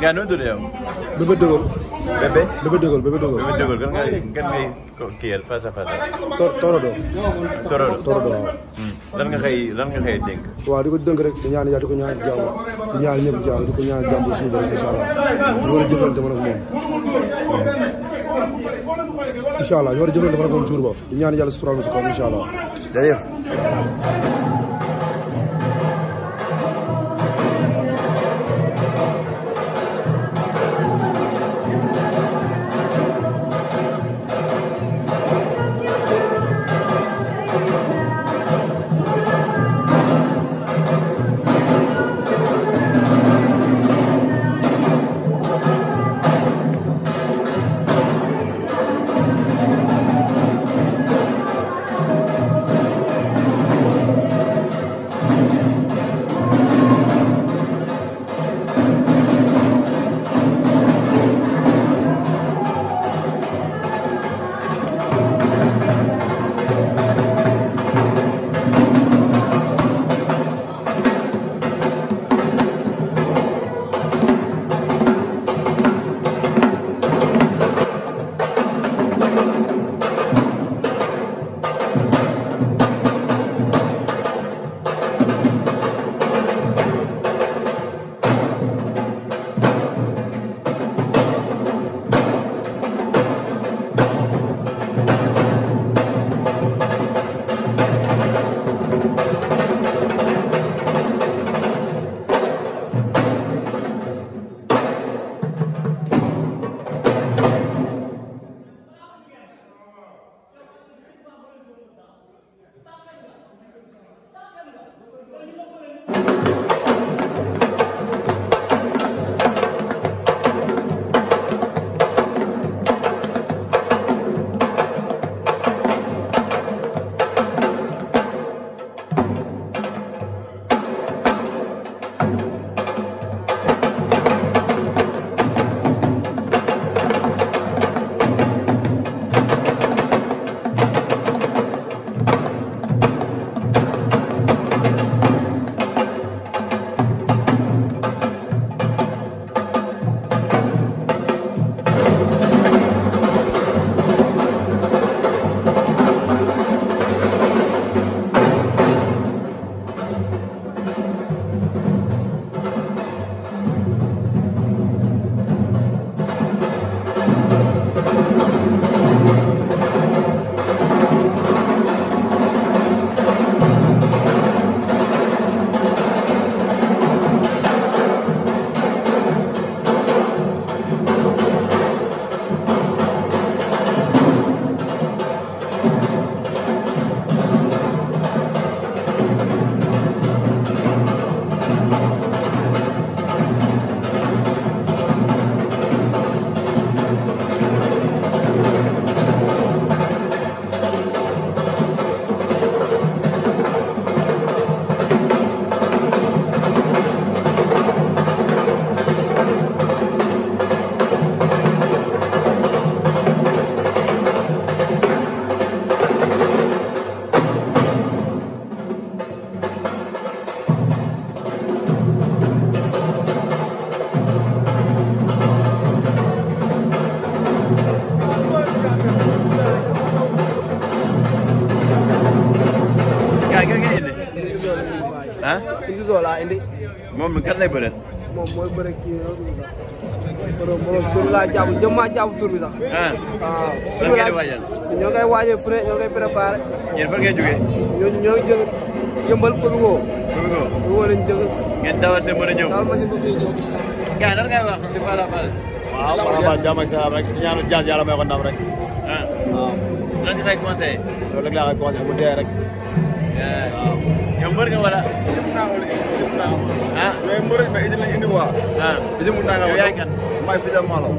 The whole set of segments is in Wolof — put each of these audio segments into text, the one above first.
Gano duruyor. Bıbı duruyor. bébé bébé dëggal bébé dëggal. bébé dëggal kan ngay kan ngay kiyal face à face. Torodo. Torodo Torodo waaw. Mm. lan nga xëy lan nga di ko dénk rek di ñaan yàlla di ko ñaan jàmm di ñaan ñëpp jàmm di ko ñaan jàmm bu suuf rek incha allah di ñaan yàlla suturaal ko ci kaw Elzo laa indi. moom mi kan lay bëre. moom mooy bëre kii yooyu sax. borom borom tur laa jàpp jëm maa jàpp tur bi sax. Ah. waaw. lan ngeen di waajal. ñoo koy waajal fu ne ñoo koy préparé. yéen fan ngeen jógee. ñoo ñoo ngi jël yëmbal pël woo. pël woo pël woo lañ jël. ngeen dawal seen mën a ñëw. dawal machine bu fi ñëw incha allah. gars lan ngay wax si Falla Balla. waaw Falla Balla jàmm ak salaam rek di ñaanal jaas yàlla may ko ndam rek. ah waaw. lan nga say conseillé. loolu rek laa koy conseillé mu dee rek. waaw yow mbër nga wala. ah yooyu mbër mais Idy lañ indi waa. ah Idy mu nangam. yow yaay kan may Fidja Malaw.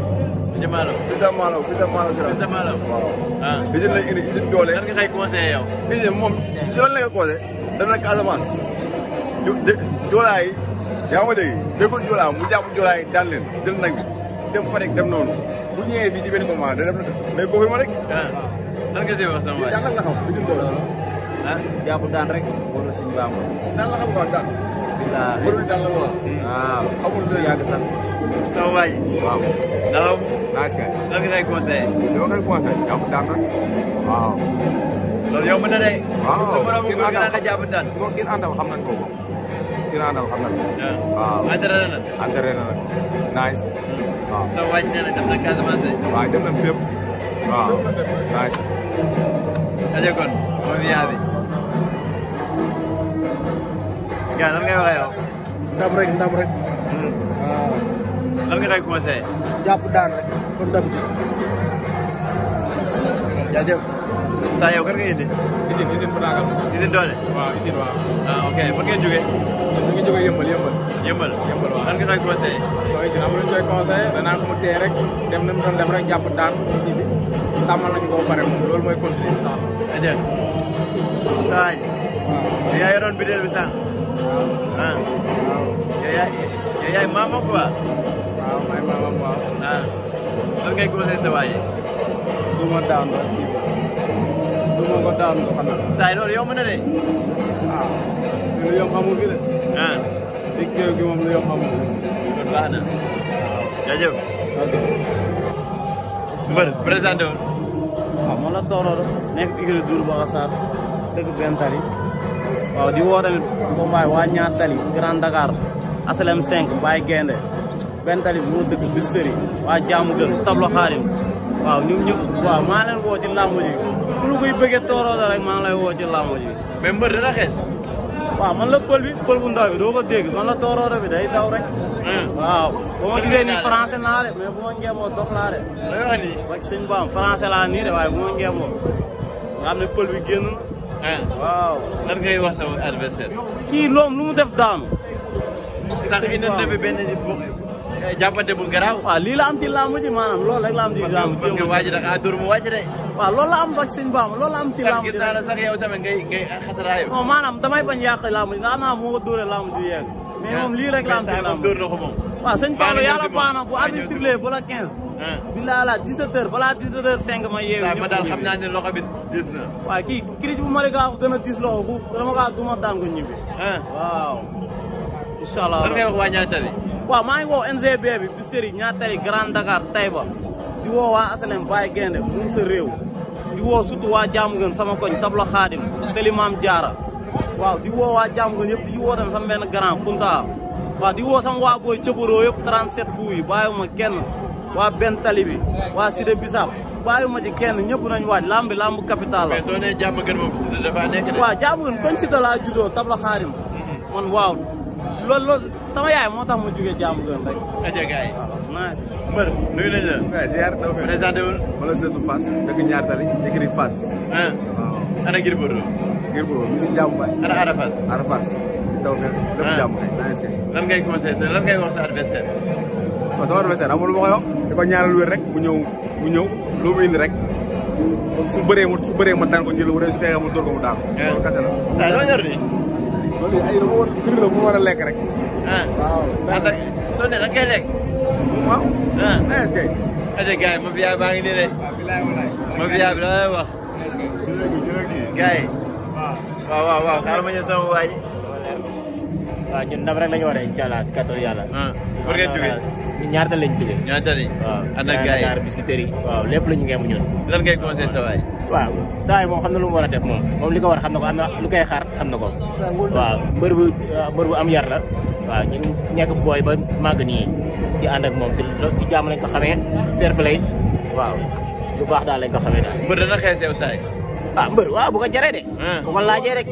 Fidja Malaw Fidja Malaw Fidja Malaw. Fidja Malaw waaw. ah Idy lañ indi Idy doole. lan nga koy conseillé yow. Idy moom lan la nga conseillé. dem na Casamance. ju de joolaay yaa ma dégg déggul joolaa mu jàpp joolaay daan leen jël nag bi dem Fatick dem noonu bu ñëwee fii ci benn moment da dem na mais góob yi ma rek. waaw ah. lan nga see wax sama waay. yàlla nga xam Idy doole. ah jàpp daan rek wóor na suñu baax daan la xam nga daan. bilaay mënul daan la ma. waaw amul lu yàgg sax. sama waa ji. waaw. ndax. naaj kay. lan nga lay conseillé. li ma koy conseillé jàpp daan rek. waaw. loolu yow mën na de. waaw kii naa daan la jàpp daan. kii kii àndal xam nañ ko moom. kii naa daan xam nañ ko. Ah. waaw entraîné na. entraîné na nag. naaj. Hmm. waaw sama waa ji nee na dem na Casamance. waaw dem na fépp. Bravo. Nice. Allá con, con mi Adi. Alam nga kayo? Dam rek, dam rek. Waaw. Lan nga koy conseillé? Jàpp daan rek, kon dam ji. Jaajëf. Saya kan kayak ini. Izin, izin pernah kamu. Izin doang. Ya? Wah, izin wah. Nah, oke, okay. mungkin juga. Mungkin ya? juga yang beli yang beli wah. Kan kita kuasa. Ya? Kalau izin amul itu kuasa, dan aku mau terek, dem dem dem dem rek japat dan ini bi. Tamal lagi kau parem, lol mau ikut insya Allah. Aja. Say. Ya, ya, Ron bidel bisa. Ah. Ya, ya, ya, ya, mama kuah. Wow, mama kuah. Ah. Oke, sebaya sewaye. Cuma down, moo ko daan ko xanaa. saa yi ah lu yomb amul fi de. ah dig géew gi moom lu yomb amul. loolu baax na. jaajëf. mbër présenté tali tali Grand Dakar aslem 5 Baye Gaynde benn tali bi mu dëkk Bisséri waa Tablo Xaarim waaw ñoom ñëpp waaw lu koy bëggee toro da rek maa ngi lay woo ci làmb ji. mais mbër dina xees. man la pël bi pël bu ndaw bi doo ko dégg man la tooroo bi day daw rek. waaw ah. bu ma gisee nii français naa de mais bu ma ngeemoo dof laa de. lay wax nii. wax sëñ baam français laa nii de waaye nga pël bi génn na. Ah. waaw. lan ngay wax sama adversaire. kii loom lu mu def daanu. di bi benn Eh, jàppante bu garaaw. waaw lii la ci làmb ji maanaam loolu rek la ci làmb ji. nga waaj da ngaa dóor mu wàcc de. waaw loolu la am ak sëñ Bamba loolu ci làmb ji. sax gis naa damay bañ yàq làmb ji naa moo dóoree làmb ji yegg. mais moom lii rek la ci làmb ji waaw sëñ Fallou yàlla baax na bu arbitre sifflé bilaa la 17h ah. balaa 17h05 ma yeewu. ñëpp ma daal xam naa ne loxo bi dis na. waaw kii crise bu ma la gën a dis loxo dama kaa duma daan incha ngay wax waa ñaatali waaw maa ngi bi Grand Dakar di woo waa asalem Baye Gaynde di woo surtout waa jaamu gën sama koñ tabla xaadim tëli maam jaara di woo waa jaamu gën yëpp di woo tam sama benn grand kunta di woo sama wa booy cëbaroo yëpp 37 fou yi bàyyiwuma kenn waa bi waa Bisab bàyyiwuma ci kenn ñëpp nañ waaj lamb lamb capital mais soo nee jàmm gën moom Sida dafa nekk de. waaw gën koñ man waaw loolu loolu sama ya mau tax juga jam gue aja guys rajo ber yi waaw maa ngi. mbër nuyu nañ la. waaw ziar taw bi présenté wul. tadi seetu Fass eh, oh. ada ñaar tali écrit Fass. waaw. ana Gris Bordeaux. Gris Bordeaux Ada Fass. Ada Fass taw bi lépp jaamu kay. lan ngay conseillé lan ngay wax sa adversaire. waaw sama adversaire lu ma koy wax. di ko rek mu ñëw lu mu super rek. mantan bëree ma su bëree ma daan ko jël wala su loolu ay dama war firi la bu ma war a lekk rek. Ah. waaw ndax soo ne da nga koy lekk. waaw. ah est-ce que. aja baa ngi nii de. Ah, mafia bi la lay wax. gars waaw waaw waaw xaaral ma ñëw sama waa ñun ndam rek la ñu war a incha allah ci kàttan yàlla. Ah. pour ngeen jógee ñun ñaar lañ ñaar lañ. waaw ànd ak gars yi biscuiterie waaw lépp ñun. lan ngay conseil sa waaw saa yi moom xam na lu mu war a def moom moom li ko war xam na ko am lu koy xaar xam na ko waaw mbër bu mbër bu am yar la waaw ñu nekk booy ba màgg nii di ànd ak moom ci ci jàmm lañ ko xamee fair play waaw lu baax daal lañ ko xamee daal mbër dana xeesew saa ah mbër waaw bu ko jaree de ah. bu ko laajee rek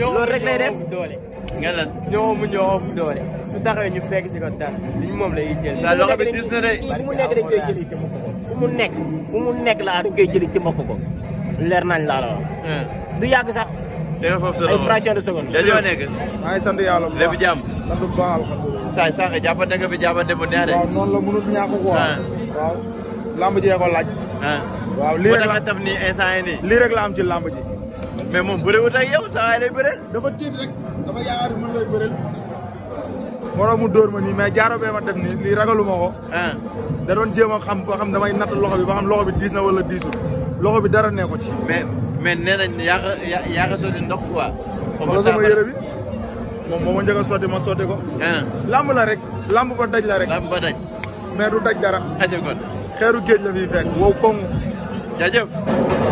loolu rek lay def doole mu ñoo mu doole su taxawee ñu fekk si ko dara moom lay jël saa fu mu nekk nekk fu mu laa dañ jëli jëmm ko ko leer nañ laa la wax. Hmm. du yàgg sax. dégg nga foofu de seconde. dañoo nekk. maa ngi sant yàlla bu baax lépp jàmm. sant bu baax alhamdulilah. saa yi sànq jàppante nga fi jàppante de. waaw noonu la mënut ñàkk quoi. Hmm. Hmm. lii rek la taf ci lamb ji. moom bëriwut ak yow saa waay lay bëreel. dafa tiit rek dafa yaakaar ni mën lay bëreel. moroom mu dóor ma nii mais jaaro bee ma def nii lii ragaluma ko. da doon jéem a xam ba xam damay natt loxo bi ba xam loxo diis na wala diisul loxo bi dara ne ko ci. mais mais nee nañ yaa ko yaa ko sotti ndox quoi. comme sama yére bi moom moo ma njëkk a ma sotti ko. Ah. lamb la rek. lamb ko daj la rek. lamb ba daj. mais du daj dara. xeeru géej la fiy fekk wow koŋŋ. jaajëf.